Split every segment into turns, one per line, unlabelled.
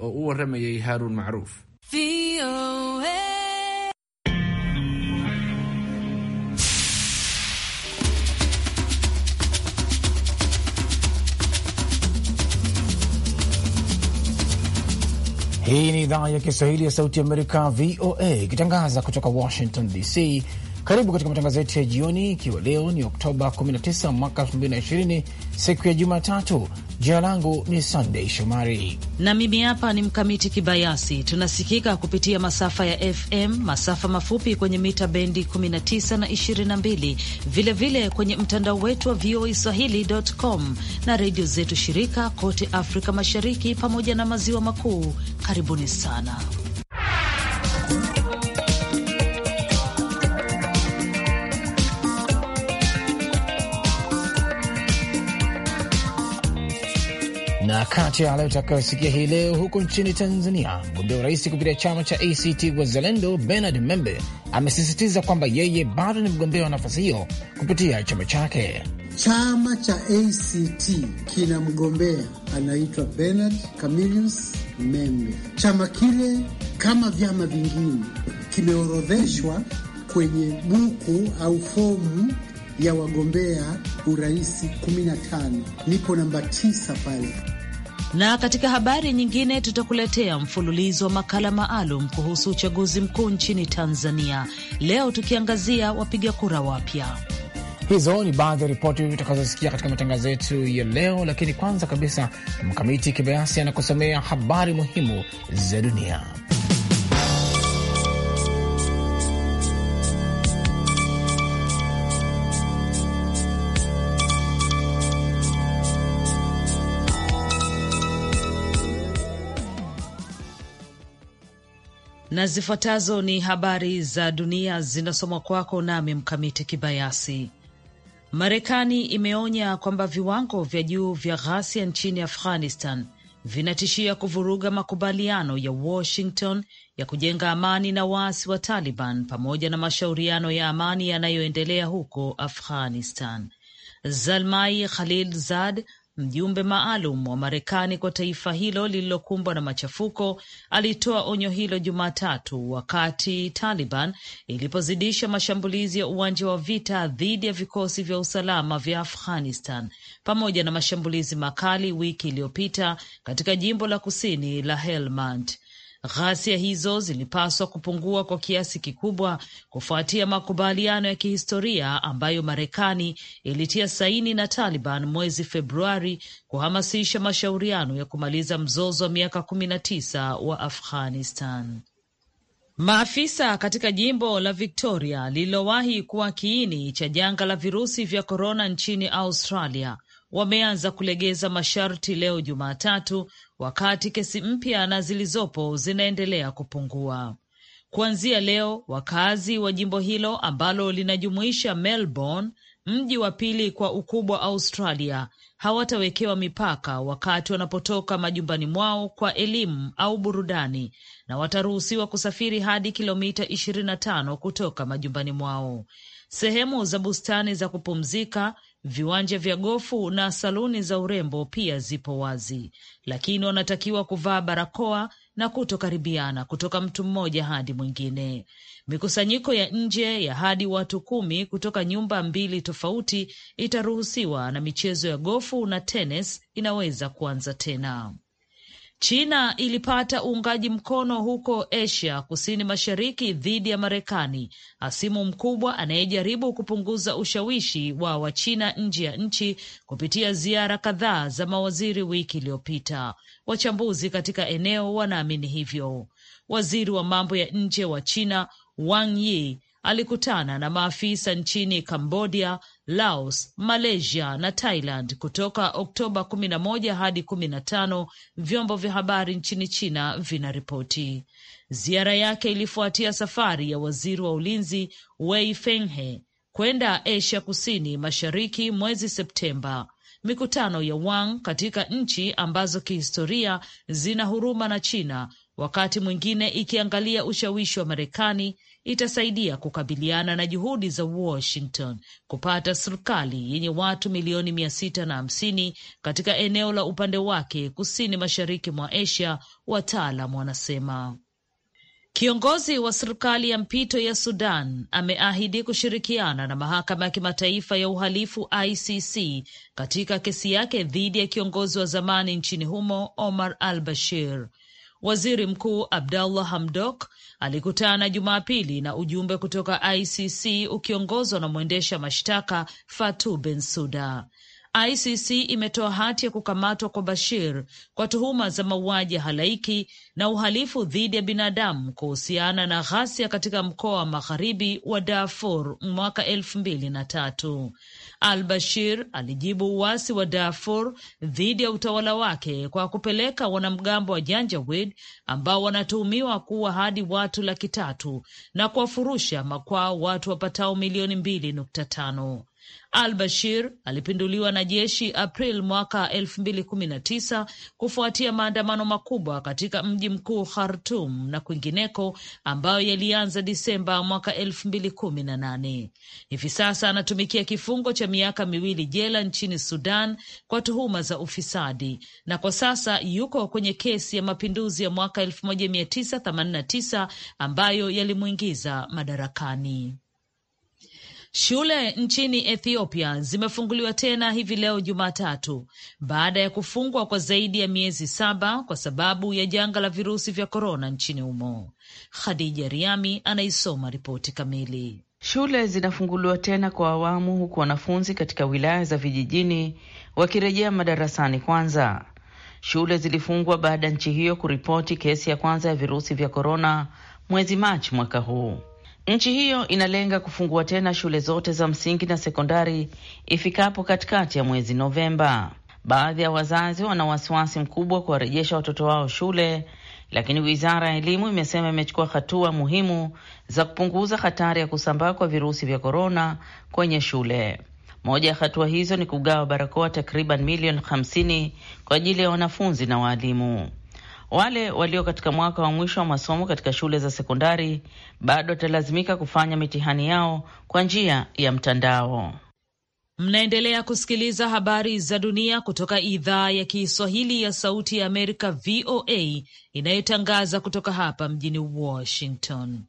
oo u waramayay haaruun macruuf Hii ni idhaa ya Kiswahili ya Sauti Amerika, VOA, ikitangaza kutoka Washington DC. Karibu katika matangazo yetu ya jioni, ikiwa leo ni Oktoba 19 mwaka 2020 siku ya Jumatatu. Jina langu ni Sandei Shomari
na mimi hapa ni Mkamiti Kibayasi. Tunasikika kupitia masafa ya FM, masafa mafupi kwenye mita bendi 19 na 22, vilevile vile kwenye mtandao wetu wa VOA e Swahili.com na redio zetu shirika kote Afrika Mashariki pamoja na Maziwa Makuu. Karibuni sana.
Na kati ya hayo utakayosikia hii leo, huko nchini Tanzania, mgombea urais kupitia chama cha ACT Wazalendo Bernard Membe amesisitiza kwamba yeye bado ni mgombea wa nafasi hiyo kupitia chama chake.
Chama cha ACT kina mgombea anaitwa Bernard Camillus Membe. Chama kile kama vyama vingine kimeorodheshwa kwenye buku au fomu ya wagombea urais 15. Nipo namba 9 pale.
Na katika habari nyingine, tutakuletea mfululizo wa makala maalum kuhusu uchaguzi mkuu nchini Tanzania, leo tukiangazia wapiga kura wapya. Hizo ni baadhi ya ripoti utakazosikia
katika matangazo yetu ya leo, lakini kwanza kabisa, Mkamiti Kibayasi anakusomea habari muhimu za dunia.
na zifuatazo ni habari za dunia zinasomwa kwako nami Mkamiti Kibayasi. Marekani imeonya kwamba viwango vya juu vya ghasia nchini Afghanistan vinatishia kuvuruga makubaliano ya Washington ya kujenga amani na waasi wa Taliban pamoja na mashauriano ya amani yanayoendelea huko Afghanistan. Zalmai Khalil Zad, Mjumbe maalum wa Marekani kwa taifa hilo lililokumbwa na machafuko alitoa onyo hilo Jumatatu wakati Taliban ilipozidisha mashambulizi ya uwanja wa vita dhidi ya vikosi vya usalama vya Afghanistan pamoja na mashambulizi makali wiki iliyopita katika jimbo la kusini la Helmand. Ghasia hizo zilipaswa kupungua kwa kiasi kikubwa kufuatia makubaliano ya kihistoria ambayo Marekani ilitia saini na Taliban mwezi Februari kuhamasisha mashauriano ya kumaliza mzozo wa miaka kumi na tisa wa Afghanistan. Maafisa katika jimbo la Victoria lililowahi kuwa kiini cha janga la virusi vya korona nchini Australia wameanza kulegeza masharti leo Jumatatu, wakati kesi mpya na zilizopo zinaendelea kupungua. Kuanzia leo, wakazi wa jimbo hilo ambalo linajumuisha Melbourne, mji wa pili kwa ukubwa Australia, hawatawekewa mipaka wakati wanapotoka majumbani mwao kwa elimu au burudani, na wataruhusiwa kusafiri hadi kilomita 25 kutoka majumbani mwao. Sehemu za bustani za kupumzika Viwanja vya gofu na saluni za urembo pia zipo wazi, lakini wanatakiwa kuvaa barakoa na kutokaribiana kutoka mtu mmoja hadi mwingine. Mikusanyiko ya nje ya hadi watu kumi kutoka nyumba mbili tofauti itaruhusiwa na michezo ya gofu na tenis inaweza kuanza tena. China ilipata uungaji mkono huko Asia kusini mashariki dhidi ya Marekani, hasimu mkubwa anayejaribu kupunguza ushawishi wa Wachina nje ya nchi kupitia ziara kadhaa za mawaziri wiki iliyopita. Wachambuzi katika eneo wanaamini hivyo. Waziri wa mambo ya nje wa China Wang Yi alikutana na maafisa nchini Cambodia, Laos, Malaysia na Thailand kutoka Oktoba kumi na moja hadi kumi na tano, vyombo vya habari nchini China vinaripoti. Ziara yake ilifuatia safari ya waziri wa ulinzi Wei Fenghe kwenda Asia kusini mashariki mwezi Septemba. Mikutano ya Wang katika nchi ambazo kihistoria zina huruma na China, wakati mwingine ikiangalia ushawishi wa Marekani itasaidia kukabiliana na juhudi za Washington kupata serikali yenye watu milioni mia sita na hamsini katika eneo la upande wake kusini mashariki mwa Asia, wataalam wanasema. Kiongozi wa serikali ya mpito ya Sudan ameahidi kushirikiana na mahakama ya kimataifa ya uhalifu ICC katika kesi yake dhidi ya kiongozi wa zamani nchini humo Omar al Bashir. Waziri Mkuu Abdallah Hamdok alikutana Jumapili na ujumbe kutoka ICC ukiongozwa na mwendesha mashtaka Fatou Bensouda. ICC imetoa hati ya kukamatwa kwa Bashir kwa tuhuma za mauaji ya halaiki na uhalifu dhidi ya binadamu kuhusiana na ghasia katika mkoa wa magharibi wa Darfur mwaka elfu mbili na tatu. Al Bashir alijibu uasi wa Darfur dhidi ya utawala wake kwa kupeleka wanamgambo wa Janjawid ambao wanatuhumiwa kuwa hadi watu laki tatu na kuwafurusha makwao watu wapatao milioni mbili nukta tano. Al Bashir alipinduliwa na jeshi April mwaka elfu mbili kumi na tisa kufuatia maandamano makubwa katika mji mkuu Khartum na kwingineko ambayo yalianza Disemba mwaka elfu mbili kumi na nane. Hivi sasa anatumikia kifungo cha miaka miwili jela nchini Sudan kwa tuhuma za ufisadi na kwa sasa yuko kwenye kesi ya mapinduzi ya mwaka 1989 ambayo yalimwingiza madarakani. Shule nchini Ethiopia zimefunguliwa tena hivi leo Jumatatu baada ya kufungwa kwa zaidi ya miezi saba kwa sababu ya janga la virusi vya korona nchini humo. Khadija Riami anaisoma ripoti kamili. Shule zinafunguliwa tena kwa awamu, huku wanafunzi katika wilaya za vijijini wakirejea madarasani kwanza. Shule zilifungwa baada ya nchi hiyo kuripoti kesi ya kwanza ya virusi vya korona mwezi Machi mwaka huu. Nchi hiyo inalenga kufungua tena shule zote za msingi na sekondari ifikapo katikati ya mwezi Novemba. Baadhi ya wazazi wana wasiwasi mkubwa kuwarejesha watoto wao shule, lakini wizara ya elimu imesema imechukua hatua muhimu za kupunguza hatari ya kusambaa kwa virusi vya korona kwenye shule. Moja ya hatua hizo ni kugawa barakoa takriban milioni 50 kwa ajili ya wanafunzi na waalimu. Wale walio katika mwaka wa mwisho wa masomo katika shule za sekondari bado watalazimika kufanya mitihani yao kwa njia ya mtandao. Mnaendelea kusikiliza habari za dunia kutoka idhaa ya Kiswahili ya Sauti ya Amerika, VOA, inayotangaza kutoka hapa mjini Washington.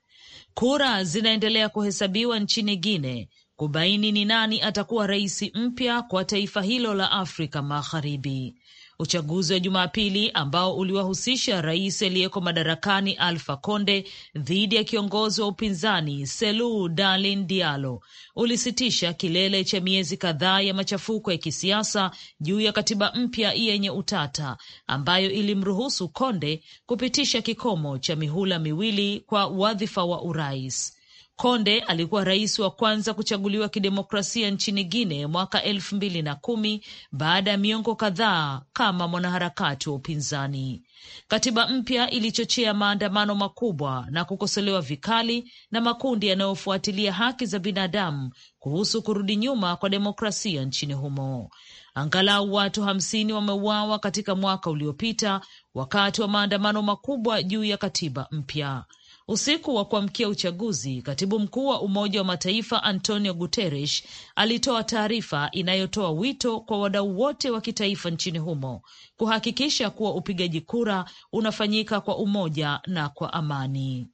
Kura zinaendelea kuhesabiwa nchini Guine kubaini ni nani atakuwa rais mpya kwa taifa hilo la Afrika Magharibi. Uchaguzi wa Jumapili ambao uliwahusisha rais aliyeko madarakani alfa Conde dhidi ya kiongozi wa upinzani Selu Darlin dialo ulisitisha kilele cha miezi kadhaa ya machafuko ya kisiasa juu ya katiba mpya yenye utata ambayo ilimruhusu Konde kupitisha kikomo cha mihula miwili kwa wadhifa wa urais. Konde alikuwa rais wa kwanza kuchaguliwa kidemokrasia nchini guine mwaka elfu mbili na kumi baada ya miongo kadhaa kama mwanaharakati wa upinzani. Katiba mpya ilichochea maandamano makubwa na kukosolewa vikali na makundi yanayofuatilia haki za binadamu kuhusu kurudi nyuma kwa demokrasia nchini humo. Angalau watu hamsini wameuawa katika mwaka uliopita wakati wa maandamano makubwa juu ya katiba mpya. Usiku wa kuamkia uchaguzi, katibu mkuu wa Umoja wa Mataifa Antonio Guterres alitoa taarifa inayotoa wito kwa wadau wote wa kitaifa nchini humo kuhakikisha kuwa upigaji kura unafanyika kwa umoja na kwa amani.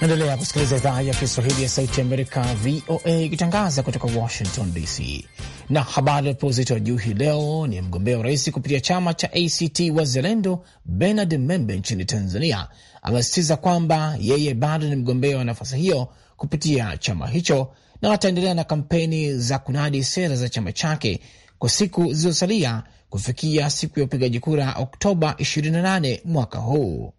Naendelea kusikiliza idhaa ya Kiswahili ya Sauti ya Amerika, VOA, ikitangaza kutoka Washington DC. Na habari wapewa uzito wa juu hii leo ni mgombea urais kupitia chama cha ACT Wazalendo, Bernard Membe nchini Tanzania, amesisitiza kwamba yeye bado ni mgombea wa nafasi hiyo kupitia chama hicho na ataendelea na kampeni za kunadi sera za chama chake kwa siku zilizosalia kufikia siku ya upigaji kura Oktoba 28 mwaka huu.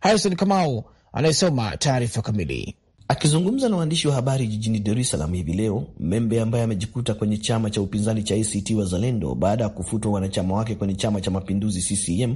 harison Kamau anayesoma taarifa kamili.
Akizungumza na waandishi wa habari jijini Dar es Salaam hivi leo, Membe ambaye amejikuta kwenye chama cha upinzani cha ACT Wazalendo baada ya kufutwa wanachama wake kwenye chama cha mapinduzi CCM,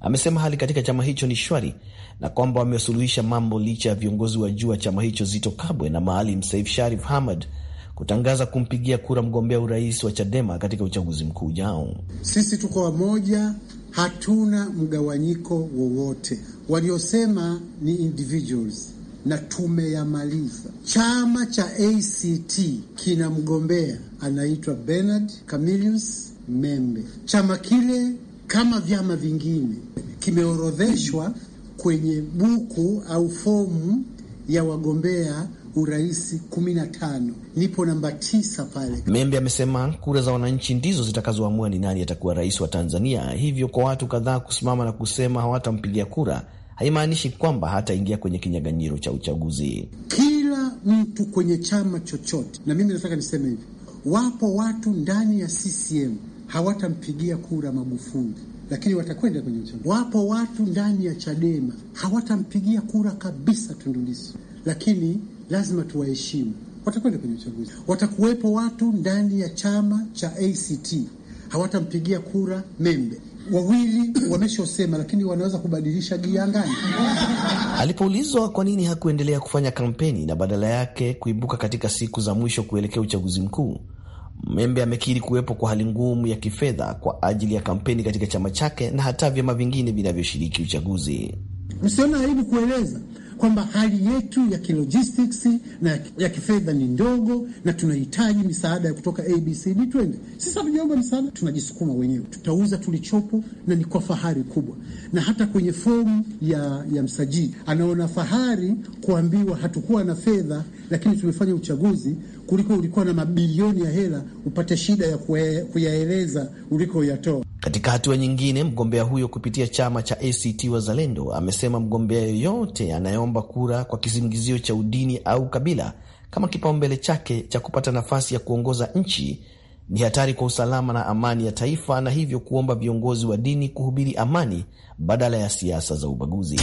amesema hali katika chama hicho ni shwari na kwamba wamesuluhisha mambo licha ya viongozi wa juu wa chama hicho Zito Kabwe na Maalim saif Sharif Hamad kutangaza kumpigia kura mgombea
urais wa Chadema katika uchaguzi mkuu ujao. Sisi tuko wamoja hatuna mgawanyiko wowote. Waliosema ni individuals na tumeyamaliza. Chama cha ACT kina mgombea anaitwa Bernard Camillus Membe. Chama kile kama vyama vingine kimeorodheshwa kwenye buku au fomu ya wagombea urais 15 nipo namba tisa pale.
Membe amesema kura za wananchi ndizo zitakazoamua ni nani atakuwa rais wa Tanzania, hivyo kwa watu kadhaa kusimama na kusema hawatampigia kura haimaanishi kwamba hataingia kwenye kinyaganyiro cha uchaguzi.
Kila mtu kwenye chama chochote, na mimi nataka niseme hivi, wapo watu ndani ya CCM hawatampigia kura Magufuli lakini watakwenda kwenye uchaguzi. Wapo watu ndani ya Chadema hawatampigia kura kabisa Tundu Lissu, lakini lazima tuwaheshimu. Watakwenda kwenye uchaguzi, watakuwepo watu ndani ya chama cha ACT hawatampigia kura Membe. Wawili wameshosema, lakini wanaweza kubadilisha ngani?
Alipoulizwa kwa nini hakuendelea kufanya kampeni na badala yake kuibuka katika siku za mwisho kuelekea uchaguzi mkuu, Membe amekiri kuwepo kwa hali ngumu ya kifedha kwa ajili ya kampeni katika chama chake na hata vyama vingine
vinavyoshiriki uchaguzi. Msiona aibu kueleza kwamba hali yetu ya kilogistics na ya kifedha ni ndogo na tunahitaji misaada ya kutoka ABCD. Twende sisi, hatujaomba msaada, tunajisukuma wenyewe, tutauza tulichopo, na ni kwa fahari kubwa. Na hata kwenye fomu ya, ya msajili anaona fahari kuambiwa hatukuwa na fedha, lakini tumefanya uchaguzi kuliko ulikuwa na mabilioni ya hela upate shida ya kuyaeleza uliko yatoa
katika hatua nyingine, mgombea huyo kupitia chama cha ACT Wazalendo amesema mgombea yoyote anayeomba kura kwa kisingizio cha udini au kabila kama kipaumbele chake cha kupata nafasi ya kuongoza nchi ni hatari kwa usalama na amani ya taifa, na hivyo kuomba viongozi wa dini kuhubiri amani badala ya siasa za ubaguzi.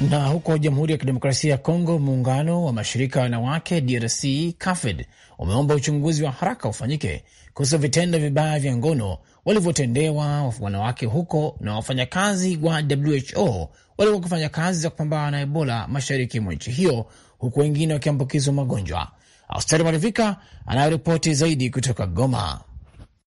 Na huko Jamhuri ya Kidemokrasia ya Kongo, muungano wa mashirika ya wanawake DRC CAFED umeomba uchunguzi wa haraka ufanyike kuhusu vitendo vibaya vya ngono walivyotendewa wanawake huko na wafanyakazi wa WHO waliokuwa kufanya kazi za kupambana na Ebola mashariki mwa nchi hiyo, huku wengine wakiambukizwa magonjwa. Austeri Marivika anayoripoti zaidi kutoka Goma.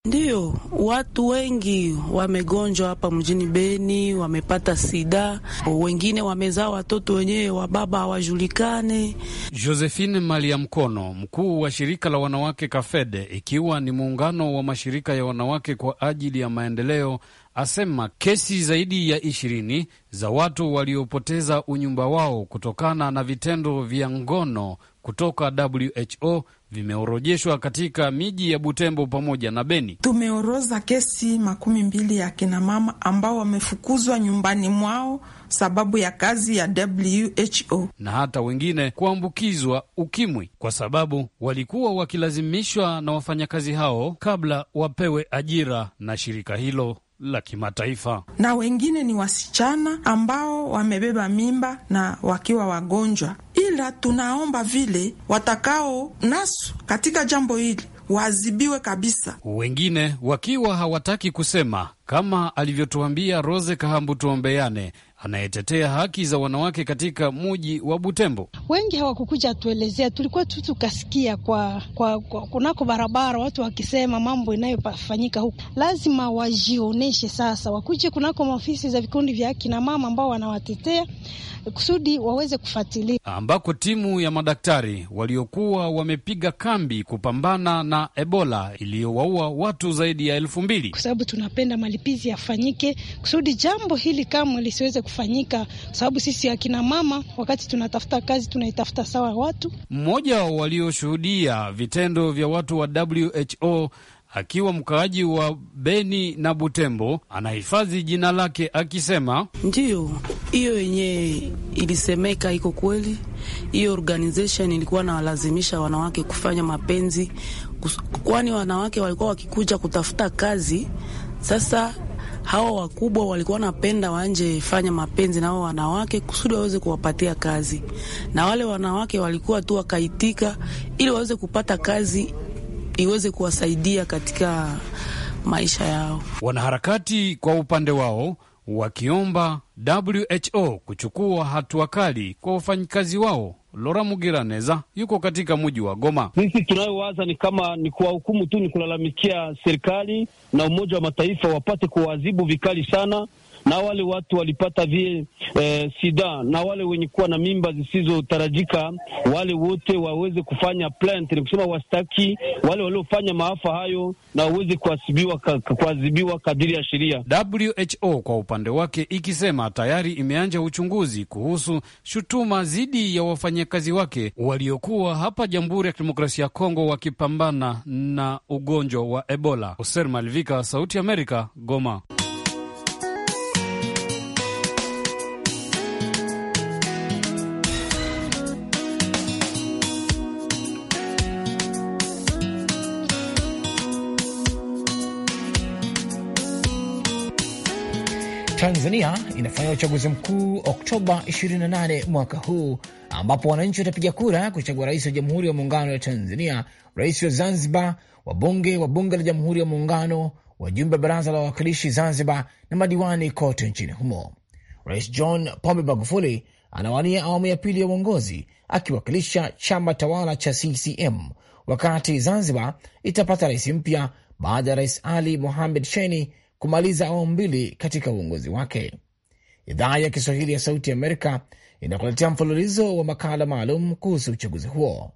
Ndiyo, watu wengi wamegonjwa hapa mjini Beni, wamepata sida, wengine wamezaa watoto wenyewe wa baba hawajulikane.
Josephine Malia Mkono, mkuu wa shirika la wanawake Kafede, ikiwa ni muungano wa mashirika ya wanawake kwa ajili ya maendeleo asema kesi zaidi ya ishirini za watu waliopoteza unyumba wao kutokana na vitendo vya ngono kutoka WHO vimeorojeshwa katika miji ya Butembo pamoja na Beni.
Tumeoroza kesi makumi mbili ya kinamama ambao wamefukuzwa nyumbani mwao sababu ya kazi ya WHO
na hata wengine kuambukizwa ukimwi kwa sababu walikuwa wakilazimishwa na wafanyakazi hao kabla wapewe ajira na shirika hilo la kimataifa
na wengine ni wasichana ambao wamebeba mimba na wakiwa wagonjwa, ila tunaomba vile watakao nasu katika jambo hili waazibiwe kabisa,
wengine wakiwa hawataki kusema, kama alivyotuambia Rose Kahambu Tuombeane anayetetea haki za wanawake katika muji wa Butembo.
Wengi hawakukuja tuelezea, tulikuwa tu tukasikia kwa, kwa, kwa kunako barabara watu wakisema mambo inayofanyika huku. Lazima wajioneshe sasa, wakuje kunako maofisi za vikundi vya akina mama ambao wanawatetea kusudi waweze kufuatilia,
ambako timu ya madaktari waliokuwa wamepiga kambi kupambana na Ebola iliyowaua watu zaidi ya elfu mbili. Kwa sababu
tunapenda malipizi yafanyike kusudi jambo hili kamwe lisiweze kufanyika, kwa sababu sisi akina mama, wakati tunatafuta kazi, tunaitafuta sawa watu.
Mmoja walioshuhudia vitendo vya watu wa WHO akiwa mkaaji wa Beni na Butembo, anahifadhi jina lake akisema,
ndiyo hiyo yenyewe ilisemeka iko kweli. Hiyo organization ilikuwa nawalazimisha wanawake kufanya mapenzi, kwani wanawake walikuwa wakikuja kutafuta kazi. Sasa hawa wakubwa walikuwa wanapenda wanje fanya mapenzi na hao wanawake kusudi waweze kuwapatia kazi, na wale wanawake walikuwa tu wakaitika ili waweze kupata kazi iweze kuwasaidia katika maisha yao.
Wanaharakati kwa upande wao wakiomba WHO kuchukua hatua kali kwa wafanyikazi wao. Lora Mugiraneza yuko katika mji wa Goma. Sisi tunayowaza ni kama ni kuwahukumu tu, ni kulalamikia serikali na Umoja wa Mataifa wapate kuwaadhibu vikali sana, na wale watu walipata vie eh, sida na wale wenye kuwa na mimba zisizotarajika, wale wote waweze kufanya plant, ni kusema wastaki wale waliofanya maafa hayo na waweze kuadhibiwa kadiri ya sheria. WHO kwa upande wake ikisema tayari imeanja uchunguzi kuhusu shutuma dhidi ya wafanyakazi wake waliokuwa hapa Jamhuri ya Kidemokrasia ya Kongo wakipambana na ugonjwa wa Ebola. Hoser Malvika, Sauti Amerika, Goma.
Tanzania inafanya uchaguzi mkuu Oktoba 28 mwaka huu, ambapo wananchi watapiga kura kuchagua rais wa Jamhuri ya Muungano ya Tanzania, rais wa Zanzibar, wabunge wa Bunge la Jamhuri ya Muungano, wajumbe wa Baraza la Wawakilishi Zanzibar na madiwani kote nchini humo. Rais John Pombe Magufuli anawania awamu ya pili ya uongozi akiwakilisha chama tawala cha CCM, wakati Zanzibar itapata rais mpya baada ya Rais Ali Mohamed Sheni kumaliza awamu mbili katika uongozi wake. Idhaa ya Kiswahili ya Sauti Amerika inakuletea mfululizo wa makala maalum kuhusu uchaguzi huo.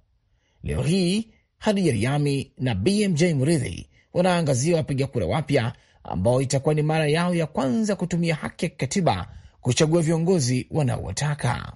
Leo hii Hadija Riami na BMJ Muridhi wanaangazia wapiga kura wapya ambao itakuwa ni mara yao ya kwanza kutumia haki ya kikatiba kuchagua viongozi wanaowataka.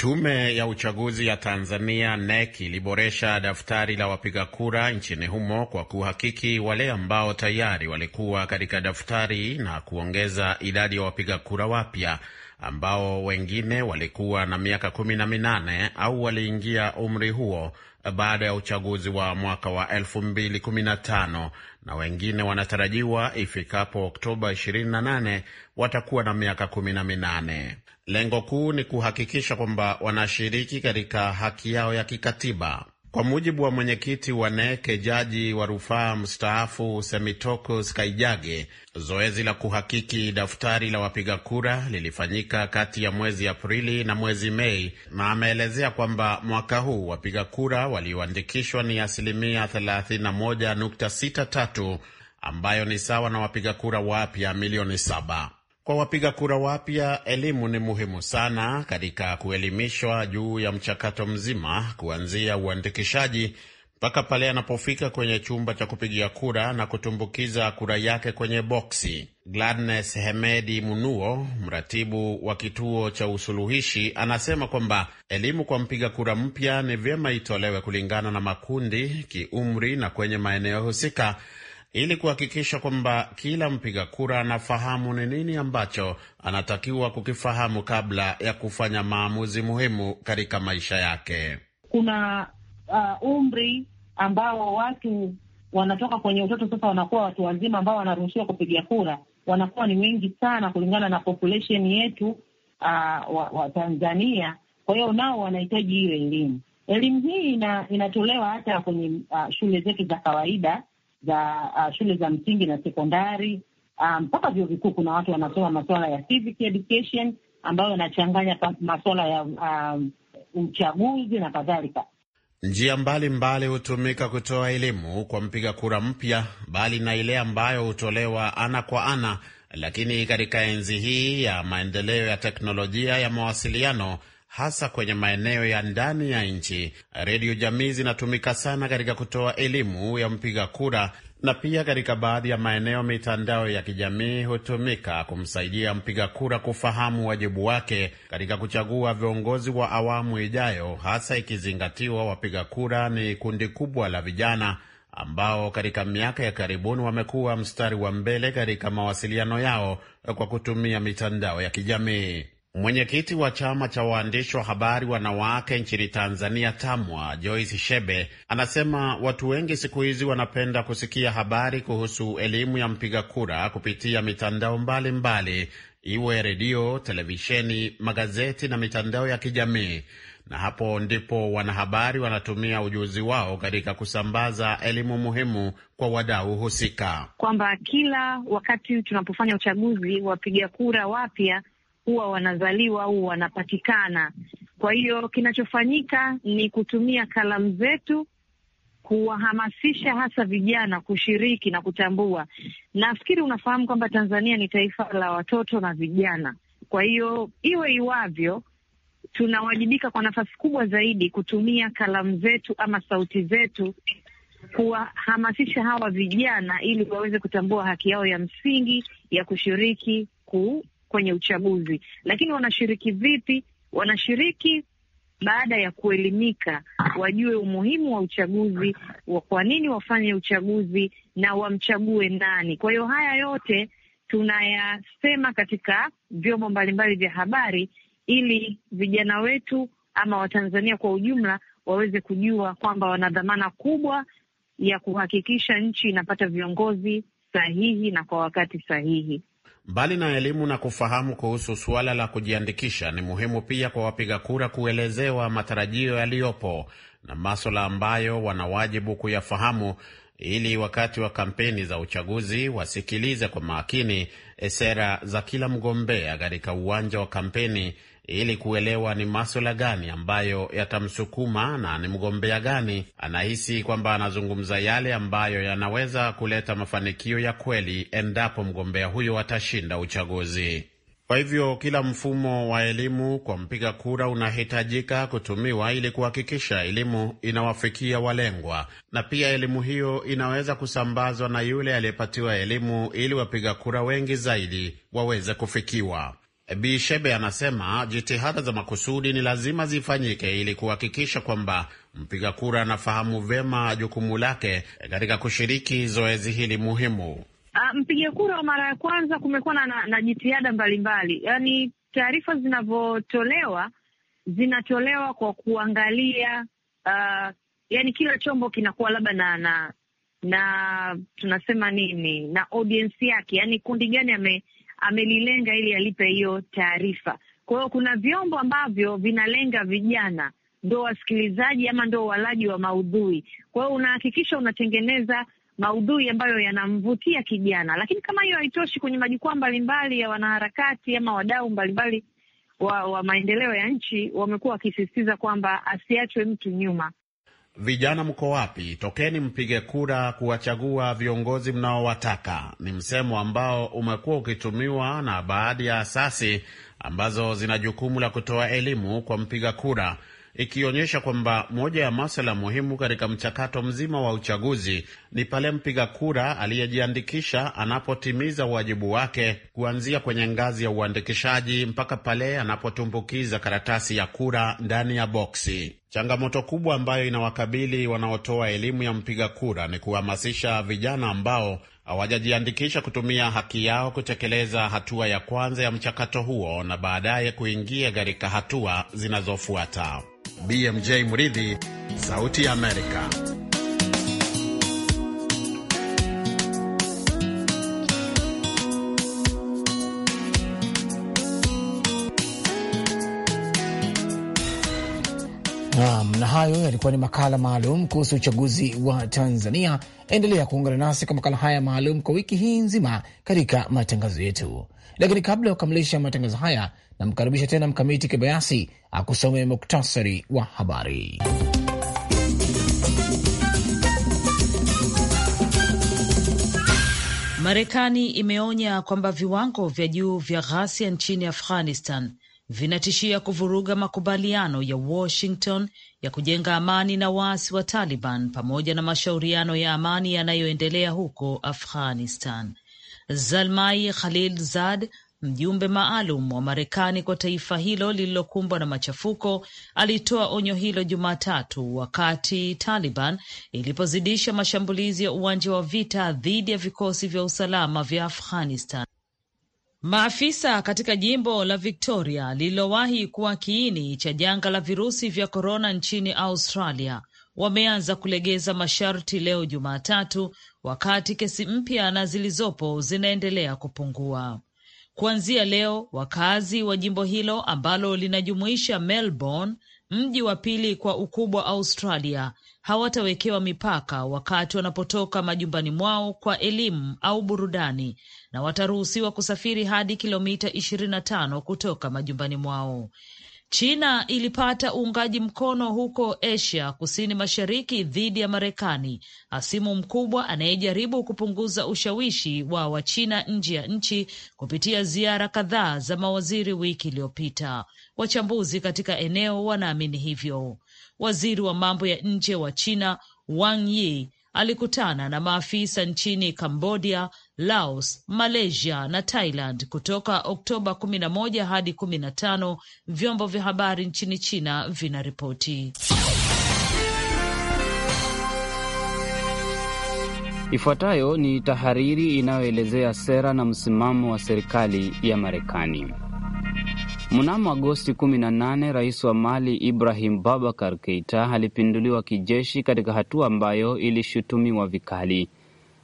Tume ya uchaguzi ya Tanzania NEC iliboresha daftari la wapiga kura nchini humo kwa kuhakiki wale ambao tayari walikuwa katika daftari na kuongeza idadi ya wapiga kura wapya ambao wengine walikuwa na miaka kumi na minane au waliingia umri huo baada ya uchaguzi wa mwaka wa 2015 na wengine wanatarajiwa ifikapo Oktoba 28 watakuwa na miaka minane. Lengo kuu ni kuhakikisha kwamba wanashiriki katika haki yao ya kikatiba. Kwa mujibu wa mwenyekiti wa neke jaji wa rufaa mstaafu Semitoko Skaijage, zoezi la kuhakiki daftari la wapiga kura lilifanyika kati ya mwezi Aprili na mwezi Mei, na ameelezea kwamba mwaka huu wapiga kura walioandikishwa ni asilimia 31.63 ambayo ni sawa na wapiga kura wapya milioni saba. Kwa wapiga kura wapya, elimu ni muhimu sana katika kuelimishwa juu ya mchakato mzima, kuanzia uandikishaji mpaka pale anapofika kwenye chumba cha kupigia kura na kutumbukiza kura yake kwenye boksi. Gladness Hemedi Munuo, mratibu wa kituo cha usuluhishi, anasema kwamba elimu kwa mpiga kura mpya ni vyema itolewe kulingana na makundi, kiumri na kwenye maeneo husika ili kuhakikisha kwamba kila mpiga kura anafahamu ni nini ambacho anatakiwa kukifahamu kabla ya kufanya maamuzi muhimu katika maisha yake.
Kuna uh, umri ambao watu wanatoka kwenye utoto sasa wanakuwa watu wazima ambao wanaruhusiwa kupiga kura, wanakuwa ni wengi sana kulingana na population yetu uh, wa, wa Tanzania. Kwa hiyo nao wanahitaji hiyo elimu. Elimu hii ina, inatolewa hata kwenye uh, shule zetu za kawaida za uh, shule za msingi na sekondari mpaka um, vyuo vikuu. Kuna watu wanasoma masuala ya civic education ambayo yanachanganya masuala ya um, uchaguzi na kadhalika.
Njia mbalimbali hutumika mbali kutoa elimu kwa mpiga kura mpya, bali na ile ambayo hutolewa ana kwa ana, lakini katika enzi hii ya maendeleo ya teknolojia ya mawasiliano hasa kwenye maeneo ya ndani ya nchi. Redio jamii zinatumika sana katika kutoa elimu ya mpiga kura na pia katika baadhi ya maeneo mitandao ya kijamii hutumika kumsaidia mpiga kura kufahamu wajibu wake katika kuchagua viongozi wa awamu ijayo, hasa ikizingatiwa wapiga kura ni kundi kubwa la vijana ambao katika miaka ya karibuni wamekuwa mstari wa mbele katika mawasiliano yao kwa kutumia mitandao ya kijamii. Mwenyekiti wa chama cha waandishi wa habari wanawake nchini Tanzania, TAMWA, Joyce Shebe, anasema watu wengi siku hizi wanapenda kusikia habari kuhusu elimu ya mpiga kura kupitia mitandao mbalimbali mbali, iwe redio, televisheni, magazeti na mitandao ya kijamii, na hapo ndipo wanahabari wanatumia ujuzi wao katika kusambaza elimu muhimu kwa wadau husika,
kwamba kila wakati tunapofanya uchaguzi wapiga kura wapya huwa wanazaliwa au wanapatikana. Kwa hiyo kinachofanyika ni kutumia kalamu zetu kuwahamasisha hasa vijana kushiriki na kutambua. Nafikiri unafahamu kwamba Tanzania ni taifa la watoto na vijana, kwa hiyo iwe iwavyo, tunawajibika kwa nafasi kubwa zaidi kutumia kalamu zetu ama sauti zetu kuwahamasisha hawa vijana ili waweze kutambua haki yao ya msingi ya kushiriki ku kwenye uchaguzi. Lakini wanashiriki vipi? Wanashiriki baada ya kuelimika, wajue umuhimu wa uchaguzi, wa kwa nini wafanye uchaguzi na wamchague nani. Kwa hiyo haya yote tunayasema katika vyombo mbalimbali vya habari ili vijana wetu ama Watanzania kwa ujumla waweze kujua kwamba wana dhamana kubwa ya kuhakikisha nchi inapata viongozi sahihi na kwa wakati sahihi.
Mbali na elimu na kufahamu kuhusu suala la kujiandikisha, ni muhimu pia kwa wapiga kura kuelezewa matarajio yaliyopo na maswala ambayo wanawajibu kuyafahamu ili wakati wa kampeni za uchaguzi wasikilize kwa makini sera za kila mgombea katika uwanja wa kampeni ili kuelewa ni maswala gani ambayo yatamsukuma na ni mgombea gani anahisi kwamba anazungumza yale ambayo yanaweza kuleta mafanikio ya kweli endapo mgombea huyo atashinda uchaguzi. Kwa hivyo kila mfumo wa elimu kwa mpiga kura unahitajika kutumiwa ili kuhakikisha elimu inawafikia walengwa, na pia elimu hiyo inaweza kusambazwa na yule aliyepatiwa elimu ili wapiga kura wengi zaidi waweze kufikiwa. Bi Shebe anasema jitihada za makusudi ni lazima zifanyike ili kuhakikisha kwamba mpiga kura anafahamu vyema jukumu lake katika kushiriki zoezi hili muhimu.
Uh, mpiga kura wa mara ya kwanza kumekuwa na, na, na jitihada mbalimbali, yaani taarifa zinavyotolewa zinatolewa kwa kuangalia uh, ah, yani kila chombo kinakuwa labda na na na tunasema nini na audience yake, yani kundi gani ame amelilenga ili alipe hiyo taarifa. Kwa hiyo kuna vyombo ambavyo vinalenga vijana ndo wasikilizaji ama ndo walaji wa maudhui. Kwa hiyo unahakikisha unatengeneza maudhui ambayo yanamvutia kijana, lakini kama hiyo haitoshi, kwenye majukwaa mbalimbali ya wanaharakati ama wadau mbalimbali wa, wa maendeleo ya nchi wamekuwa wakisisitiza kwamba asiachwe mtu nyuma,
Vijana mko wapi? Tokeni mpige kura kuwachagua viongozi mnaowataka, ni msemo ambao umekuwa ukitumiwa na baadhi ya asasi ambazo zina jukumu la kutoa elimu kwa mpiga kura ikionyesha kwamba moja ya masuala muhimu katika mchakato mzima wa uchaguzi ni pale mpiga kura aliyejiandikisha anapotimiza wajibu wake kuanzia kwenye ngazi ya uandikishaji mpaka pale anapotumbukiza karatasi ya kura ndani ya boksi. Changamoto kubwa ambayo inawakabili wanaotoa elimu ya mpiga kura ni kuhamasisha vijana ambao hawajajiandikisha kutumia haki yao kutekeleza hatua ya kwanza ya mchakato huo na baadaye kuingia katika hatua zinazofuata. BMJ Muridhi, Sauti ya Amerika.
Naam, na hayo yalikuwa ni makala maalum kuhusu uchaguzi wa Tanzania. Endelea kuungana nasi kwa makala haya maalum kwa wiki hii nzima katika matangazo yetu, lakini kabla ya kukamilisha matangazo haya, namkaribisha tena Mkamiti Kibayasi akusome muktasari wa habari.
Marekani imeonya kwamba viwango vya juu vya ghasia nchini Afghanistan vinatishia kuvuruga makubaliano ya Washington ya kujenga amani na waasi wa Taliban pamoja na mashauriano ya amani yanayoendelea huko Afghanistan. Zalmai khalil zad mjumbe maalum wa Marekani kwa taifa hilo lililokumbwa na machafuko, alitoa onyo hilo Jumatatu wakati Taliban ilipozidisha mashambulizi ya uwanja wa vita dhidi ya vikosi vya usalama vya Afghanistan. Maafisa katika jimbo la Victoria lililowahi kuwa kiini cha janga la virusi vya korona nchini Australia wameanza kulegeza masharti leo Jumatatu, wakati kesi mpya na zilizopo zinaendelea kupungua. Kuanzia leo, wakazi wa jimbo hilo ambalo linajumuisha Melbourne, mji wa pili kwa ukubwa Australia, hawatawekewa mipaka wakati wanapotoka majumbani mwao kwa elimu au burudani, na wataruhusiwa kusafiri hadi kilomita ishirini na tano kutoka majumbani mwao. China ilipata uungaji mkono huko Asia kusini mashariki dhidi ya Marekani, hasimu mkubwa anayejaribu kupunguza ushawishi wa Wachina nje ya nchi kupitia ziara kadhaa za mawaziri wiki iliyopita. Wachambuzi katika eneo wanaamini hivyo. Waziri wa mambo ya nje wa China Wang Yi alikutana na maafisa nchini Cambodia, Laos, Malaysia na Thailand kutoka Oktoba 11 hadi 15, vyombo vya habari nchini China vinaripoti.
Ifuatayo ni tahariri inayoelezea sera na msimamo wa serikali ya Marekani. Mnamo Agosti 18 rais wa Mali Ibrahim Babakar Keita alipinduliwa kijeshi katika hatua ambayo ilishutumiwa vikali.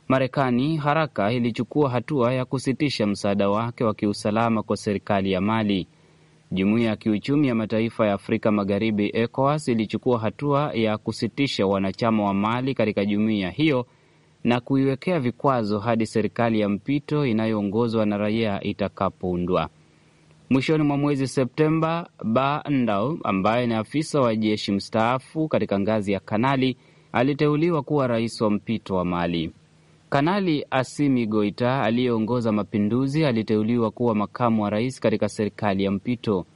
Marekani haraka ilichukua hatua ya kusitisha msaada wake wa kiusalama kwa serikali ya Mali. Jumuiya ya kiuchumi ya mataifa ya Afrika Magharibi, ECOWAS, ilichukua hatua ya kusitisha wanachama wa Mali katika jumuiya hiyo na kuiwekea vikwazo hadi serikali ya mpito inayoongozwa na raia itakapoundwa. Mwishoni mwa mwezi Septemba, Ba ambaye ni afisa wa jeshi mstaafu katika ngazi ya kanali aliteuliwa kuwa rais wa mpito wa Mali. Kanali asimi Goita aliyeongoza mapinduzi aliteuliwa kuwa makamu wa rais katika serikali ya mpito.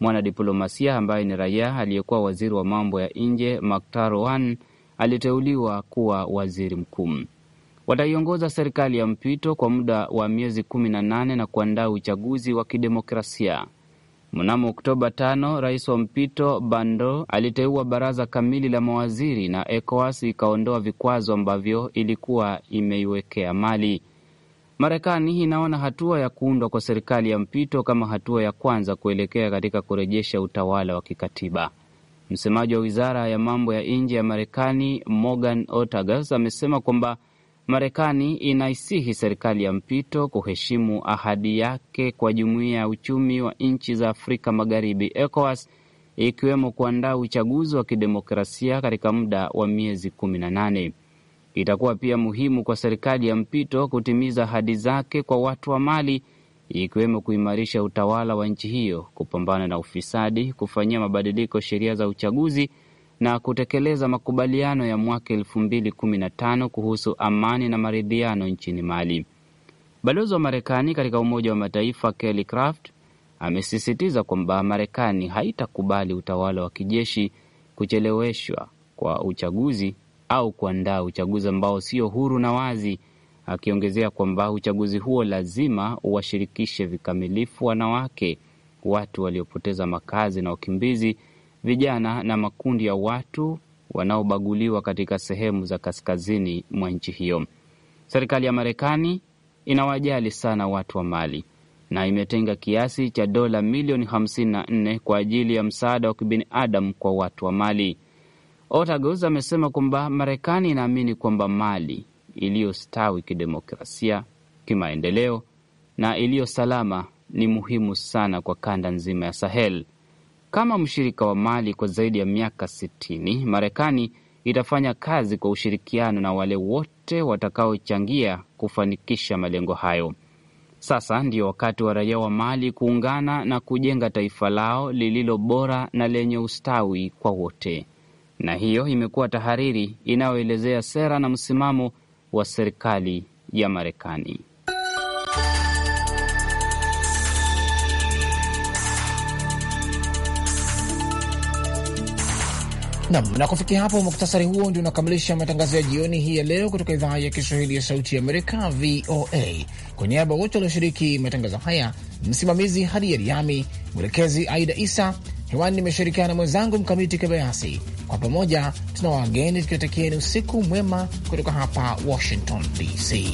Mwanadiplomasia ambaye ni raia aliyekuwa waziri wa mambo ya nje Maktar One aliteuliwa kuwa waziri mkuu. Wataiongoza serikali ya mpito kwa muda wa miezi kumi na nane na kuandaa uchaguzi wa kidemokrasia. Mnamo Oktoba tano, rais wa mpito Bando aliteua baraza kamili la mawaziri na ECOWAS ikaondoa vikwazo ambavyo ilikuwa imeiwekea Mali. Marekani inaona hatua ya kuundwa kwa serikali ya mpito kama hatua ya kwanza kuelekea katika kurejesha utawala wa kikatiba. Msemaji wa wizara ya mambo ya nje ya Marekani Morgan otagas amesema kwamba Marekani inaisihi serikali ya mpito kuheshimu ahadi yake kwa Jumuiya ya Uchumi wa Nchi za Afrika Magharibi, ECOWAS, ikiwemo kuandaa uchaguzi wa kidemokrasia katika muda wa miezi kumi na nane. Itakuwa pia muhimu kwa serikali ya mpito kutimiza ahadi zake kwa watu wa Mali, ikiwemo kuimarisha utawala wa nchi hiyo, kupambana na ufisadi, kufanyia mabadiliko sheria za uchaguzi na kutekeleza makubaliano ya mwaka elfu mbili kumi na tano kuhusu amani na maridhiano nchini Mali. Balozi wa Marekani katika Umoja wa Mataifa Kelly Craft amesisitiza kwamba Marekani haitakubali utawala wa kijeshi kucheleweshwa kwa uchaguzi au kuandaa uchaguzi ambao sio huru na wazi, akiongezea kwamba uchaguzi huo lazima uwashirikishe vikamilifu wanawake, watu waliopoteza makazi na wakimbizi vijana na makundi ya watu wanaobaguliwa katika sehemu za kaskazini mwa nchi hiyo. Serikali ya Marekani inawajali sana watu wa Mali na imetenga kiasi cha dola milioni 54 kwa ajili ya msaada wa kibinadamu kwa watu wa Mali. Otagus amesema kwamba Marekani inaamini kwamba Mali iliyostawi kidemokrasia, kimaendeleo na iliyo salama ni muhimu sana kwa kanda nzima ya Sahel. Kama mshirika wa Mali kwa zaidi ya miaka sitini, Marekani itafanya kazi kwa ushirikiano na wale wote watakaochangia kufanikisha malengo hayo. Sasa ndio wakati wa raia wa Mali kuungana na kujenga taifa lao lililo bora na lenye ustawi kwa wote. Na hiyo imekuwa tahariri inayoelezea sera na msimamo wa serikali ya Marekani.
Nam na kufikia hapo, muktasari huo ndio unakamilisha matangazo ya jioni hii ya leo kutoka idhaa ya Kiswahili ya Sauti ya Amerika, VOA. Kwa niaba wote walioshiriki matangazo haya, msimamizi hadi ya riami mwelekezi Aida Isa, hewani nimeshirikiana na mwenzangu Mkamiti Kibayasi. Kwa pamoja tuna wageni tukiwatakieni usiku mwema kutoka hapa Washington DC.